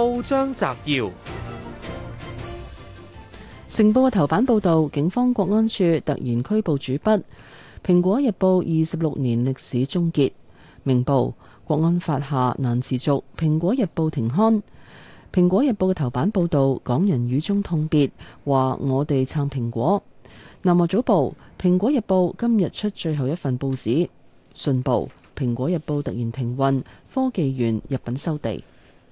報章摘要：成報嘅頭版報道，警方國安處突然拘捕主筆。蘋果日報二十六年歷史終結。明報國安法下難持續，蘋果日報停刊。蘋果日報嘅頭版報道，港人雨中痛別，話我哋撐蘋果。南華早報，蘋果日報今日出最後一份報紙。信報，蘋果日報突然停運。科技園入稟收地。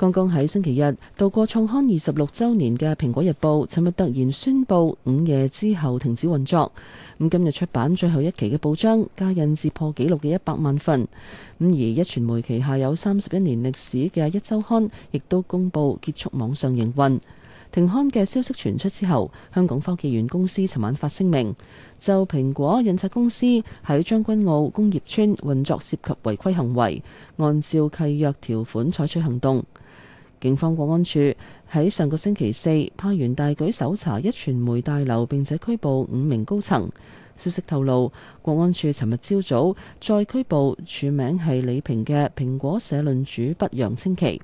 剛剛喺星期日度過創刊二十六週年嘅《蘋果日報》，尋日突然宣布午夜之後停止運作。咁今日出版最後一期嘅報章，加印至破紀錄嘅一百萬份。咁而壹傳媒旗下有三十一年歷史嘅壹周刊，亦都公佈結束網上營運。停刊嘅消息傳出之後，香港科技園公司尋晚發聲明，就蘋果印刷公司喺將軍澳工業村運作涉及違規行為，按照契約條款採取行動。警方國安處喺上個星期四派員大舉搜查一傳媒大樓，並且拘捕五名高層。消息透露，國安處尋日朝早再拘捕署名係李平嘅蘋果社論主筆楊清奇。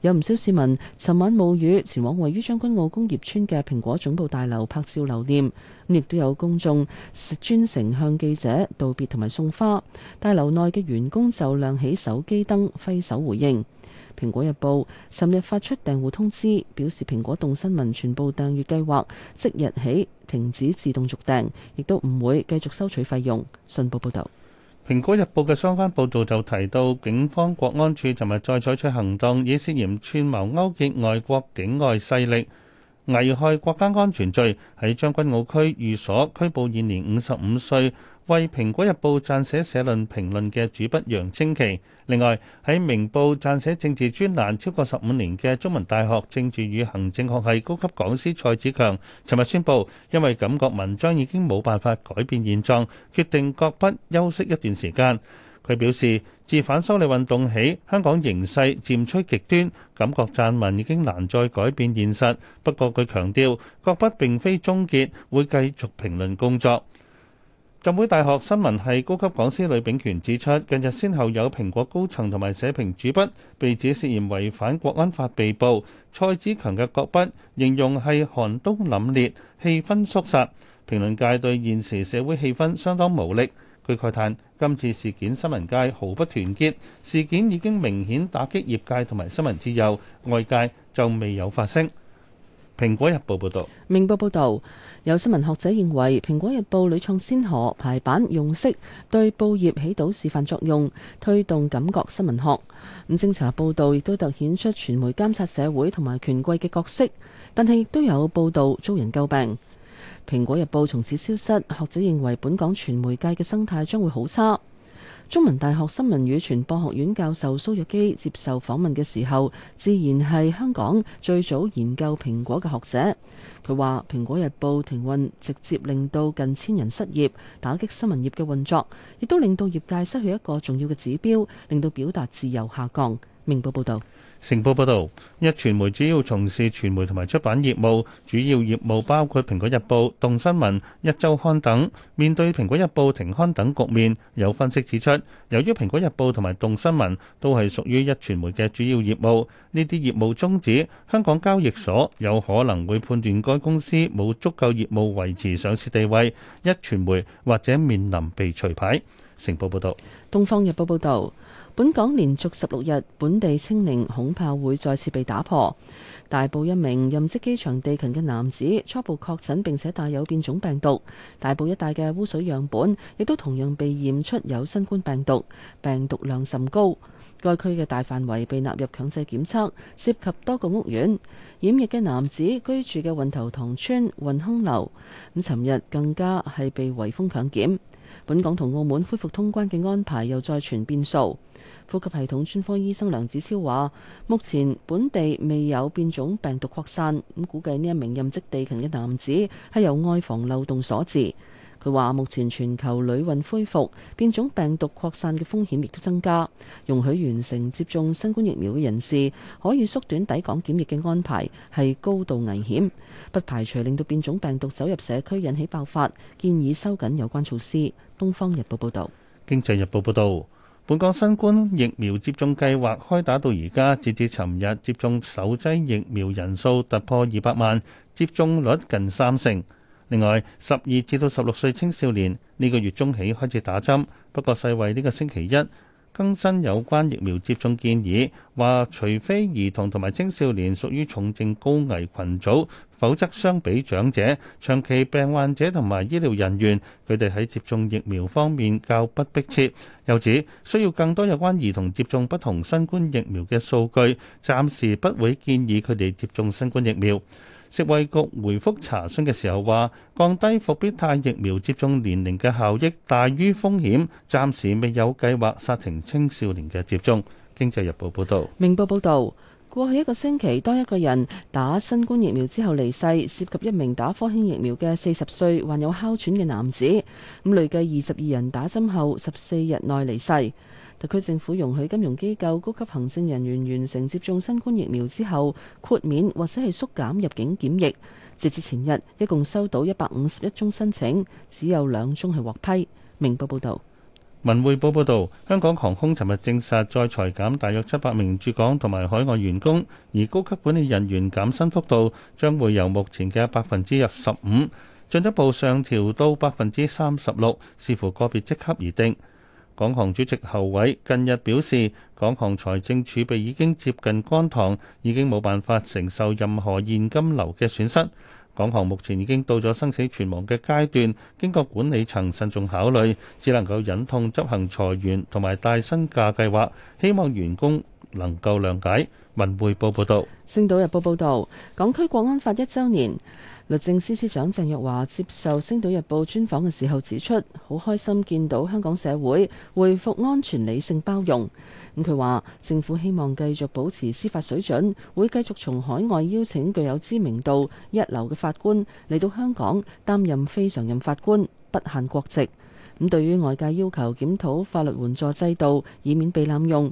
有唔少市民尋晚冒雨前往位於將軍澳工業村嘅蘋果總部大樓拍照留念，亦都有公眾專程向記者道別同埋送花。大樓內嘅員工就亮起手機燈揮手回應。《蘋果日報》尋日發出訂戶通知，表示蘋果動新聞全部訂閱計劃即日起停止自動續訂，亦都唔會繼續收取費用。信報報道，《蘋果日報》嘅相關報道就提到，警方國安處尋日再採取行動，以涉嫌串謀勾結外國境外勢力，危害國家安全罪，喺將軍澳區寓所拘捕，現年五十五歲，為《蘋果日報》撰寫社論評論嘅主筆楊清奇。另外，喺《明報》撰寫政治專欄超過十五年嘅中文大學政治與行政學系高級講師蔡子強，尋日宣布，因為感覺文章已經冇辦法改變現狀，決定擱筆休息一段時間。佢表示，自反修例運動起，香港形勢漸趨極端，感覺撰文已經難再改變現實。不過強調，佢強調，國筆並非終結，會繼續評論工作。浸會大學新聞系高級講師呂秉權指出，近日先後有蘋果高層同埋社評主筆被指涉嫌違反國安法被捕，蔡子強嘅國筆形容係寒冬凜冽，氣氛肅殺，評論界對現時社會氣氛相當無力。佢慨嘆：今次事件新聞界毫不團結，事件已經明顯打擊業界同埋新聞自由，外界就未有發聲。《蘋果日報》報道。《明報》報道，有新聞學者認為，《蘋果日報》屢創先河排版用色，對報業起到示範作用，推動感覺新聞學。咁調查報道亦都凸顯出傳媒監察社會同埋權貴嘅角色，但係亦都有報導遭人詬病。《蘋果日報》從此消失，學者認為本港傳媒界嘅生態將會好差。中文大學新聞與傳播學院教授蘇鑰機接受訪問嘅時候，自然係香港最早研究蘋果嘅學者。佢話《蘋果日報》停運，直接令到近千人失業，打擊新聞業嘅運作，亦都令到業界失去一個重要嘅指標，令到表達自由下降。明報報道。成報報道，一傳媒主要從事傳媒同埋出版業務，主要業務包括《蘋果日報》、《動新聞》、《一周刊》等。面對《蘋果日報》停刊等局面，有分析指出，由於《蘋果日報》同埋《動新聞》都係屬於一傳媒嘅主要業務，呢啲業務中止，香港交易所有可能會判斷該公司冇足夠業務維持上市地位，一傳媒或者面臨被除牌。成報報導，《東方日報》報導。本港連續十六日本地清零恐怕會再次被打破。大埔一名任職機場地勤嘅男子初步確診並且帶有變種病毒，大埔一帶嘅污水樣本亦都同樣被驗出有新冠病毒，病毒量甚高。該區嘅大範圍被納入強制檢測，涉及多個屋苑。染疫嘅男子居住嘅運頭塘村運亨樓，咁尋日更加係被圍封強檢。本港同澳門恢復通關嘅安排又再傳變數。呼吸系統專科醫生梁子超話，目前本地未有變種病毒擴散，咁估計呢一名任職地勤嘅男子係由外防漏洞所致。佢話，目前全球旅運恢復，變種病毒擴散嘅風險亦都增加。容許完成接種新冠疫苗嘅人士可以縮短抵港檢疫嘅安排，係高度危險，不排除令到變種病毒走入社區引起爆發。建議收緊有關措施。《東方日報》報道。《經濟日報》報道。本港新冠疫苗接種計劃開打到而家，截至尋日，接種首劑疫苗人數突破二百萬，接種率近三成。另外，十二至到十六歲青少年呢個月中起開始打針，不過世衛呢個星期一，更新有關疫苗接種建議，話除非兒童同埋青少年屬於重症高危群組，否則相比長者、長期病患者同埋醫療人員，佢哋喺接種疫苗方面較不迫切。又指需要更多有關兒童接種不同新冠疫苗嘅數據，暫時不會建議佢哋接種新冠疫苗。食衛局回覆查詢嘅時候話，降低復必泰疫苗接種年齡嘅效益大於風險，暫時未有計劃煞停青少年嘅接種。經濟日報報道，明報報道。過去一個星期，當一個人打新冠疫苗之後離世，涉及一名打科興疫苗嘅四十歲患有哮喘嘅男子。咁累計二十二人打針後十四日內離世。特區政府容許金融機構高級行政人員完成接種新冠疫苗之後，豁免或者係縮減入境檢疫。截至前日，一共收到一百五十一宗申請，只有兩宗係獲批。明報報導。文匯報報道，香港航空尋日證實再裁減大約七百名駐港同埋海外員工，而高級管理人員減薪幅度將會由目前嘅百分之十五，進一步上調到百分之三十六，視乎個別職級而定。港航主席侯偉近日表示，港航財政儲備已經接近乾塘，已經冇辦法承受任何現金流嘅損失。港航目前已經到咗生死存亡嘅階段，經過管理層慎重考慮，只能夠忍痛執行裁員同埋帶薪假計劃，希望員工能夠諒解。文匯報報道。《星島日報》報道，港區國安法一週年。律政司司長鄭若驊接受《星島日報》專訪嘅時候指出，好開心見到香港社會恢復安全、理性、包容。咁佢話政府希望繼續保持司法水準，會繼續從海外邀請具有知名度、一流嘅法官嚟到香港擔任非常任法官，不限國籍。咁對於外界要求檢討法律援助制度，以免被濫用。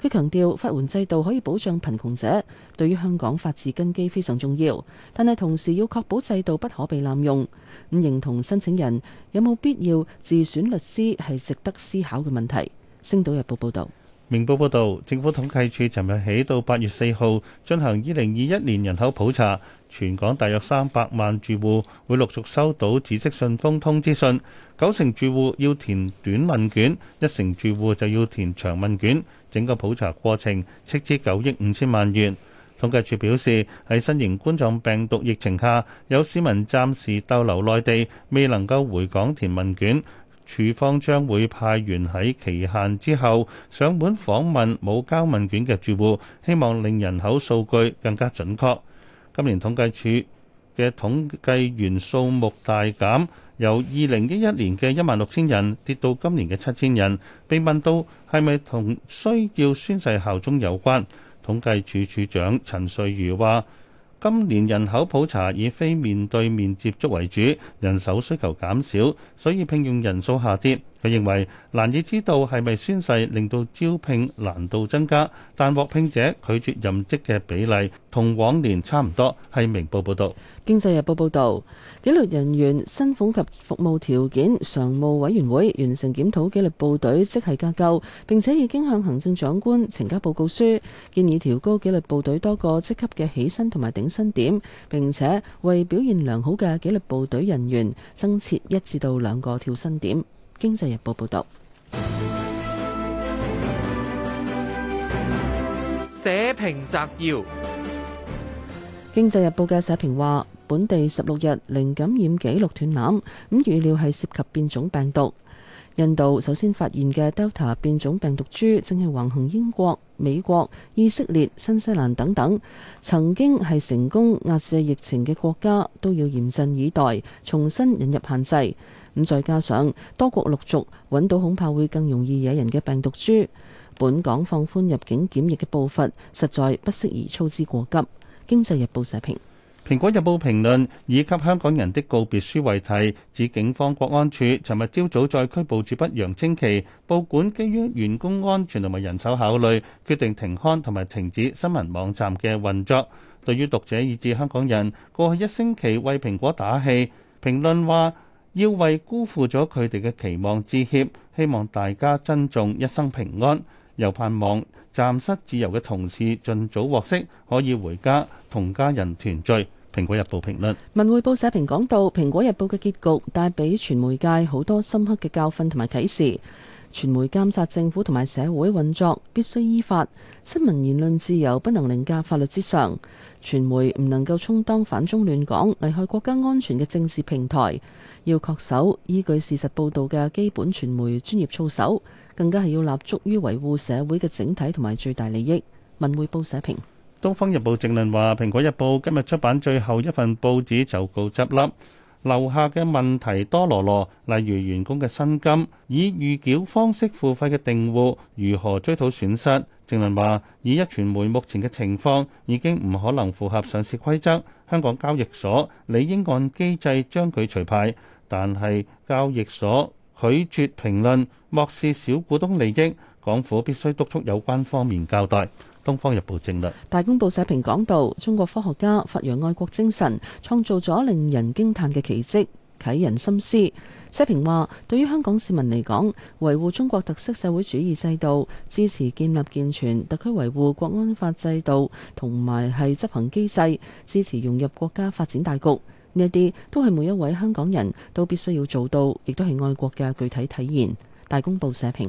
佢強調，法援制度可以保障貧窮者，對於香港法治根基非常重要。但係同時要確保制度不可被濫用。唔認同申請人有冇必要自選律師係值得思考嘅問題。星島日報報道。明報報導，政府統計處尋日起到八月四號進行二零二一年人口普查，全港大約三百萬住戶會陸續收到紫色信封通知信，九成住戶要填短問卷，一成住戶就要填長問卷。整個普查過程斥資九億五千萬元。統計處表示，喺新型冠狀病毒疫情下，有市民暫時逗留內地，未能夠回港填問卷。處方將會派員喺期限之後上門訪問冇交問卷嘅住戶，希望令人口數據更加準確。今年統計處嘅統計員數目大減，由二零一一年嘅一萬六千人跌到今年嘅七千人。被問到係咪同需要宣誓效忠有關，統計處處長陳瑞如話。今年人口普查以非面對面接觸為主，人手需求減少，所以聘用人數下跌。佢認為難以知道係咪宣誓令到招聘難度增加，但獲聘者拒絕任職嘅比例同往年差唔多。係明報報道，《經濟日報》報道，紀律人員薪俸及服務條件常務委員會完成檢討紀律部隊職系架構，並且已經向行政長官呈交報告書，建議調高紀律部隊多個職級嘅起薪同埋頂薪點，並且為表現良好嘅紀律部隊人員增設一至到兩個跳薪點。經濟日報報道，社評摘要：經濟日報嘅社評話，本地十六日零感染記錄斷纜，咁預料係涉及變種病毒。印度首先發現嘅 Delta 變種病毒株，正係橫行英國、美國、以色列、新西蘭等等曾經係成功壓制疫情嘅國家，都要嚴陣以待，重新引入限制。咁再加上多國陸續揾到恐怕會更容易惹人嘅病毒株，本港放寬入境檢疫嘅步伐，實在不適宜操之過急。經濟日報社評。《蘋果日報》評論以及香港人的告別書為題，指警方、國安處尋日朝早在拘捕主筆楊清奇，報館基於員工安全同埋人手考慮，決定停刊同埋停止新聞網站嘅運作。對於讀者以至香港人，過去一星期為蘋果打氣，評論話要為辜負咗佢哋嘅期望致歉，希望大家珍重一生平安，又盼望暫失自由嘅同事盡早獲釋，可以回家同家人團聚。蘋果日報評論，文匯報社評講到，蘋果日報嘅結局帶俾傳媒界好多深刻嘅教訓同埋啟示。傳媒監察政府同埋社會運作必須依法，新聞言論自由不能凌駕法律之上。傳媒唔能夠充當反中亂港、危害國家安全嘅政治平台，要恪守依據事實報道嘅基本傳媒專業操守，更加係要立足於維護社會嘅整體同埋最大利益。文匯報社評。《東方日報》正論話，《蘋果日報》今日出版最後一份報紙就告執笠，留下嘅問題多羅羅，例如員工嘅薪金，以預繳方式付費嘅訂戶如何追討損失。正論話，以壹傳媒目前嘅情況已經唔可能符合上市規則，香港交易所理應按機制將佢除牌，但係交易所拒絕評論，漠視小股東利益，港府必須督促有關方面交代。方大公報社評講到，中國科學家發揚愛國精神，創造咗令人驚嘆嘅奇蹟，啟人心思。社評話：對於香港市民嚟講，維護中國特色社會主義制度，支持建立健全特區維護國安法制度同埋係執行機制，支持融入國家發展大局，呢一啲都係每一位香港人都必須要做到，亦都係愛國嘅具體體現。大公報社評。.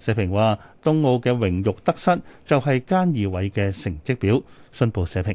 社評話：東奧嘅榮辱得失就係菅義偉嘅成績表。信報社評。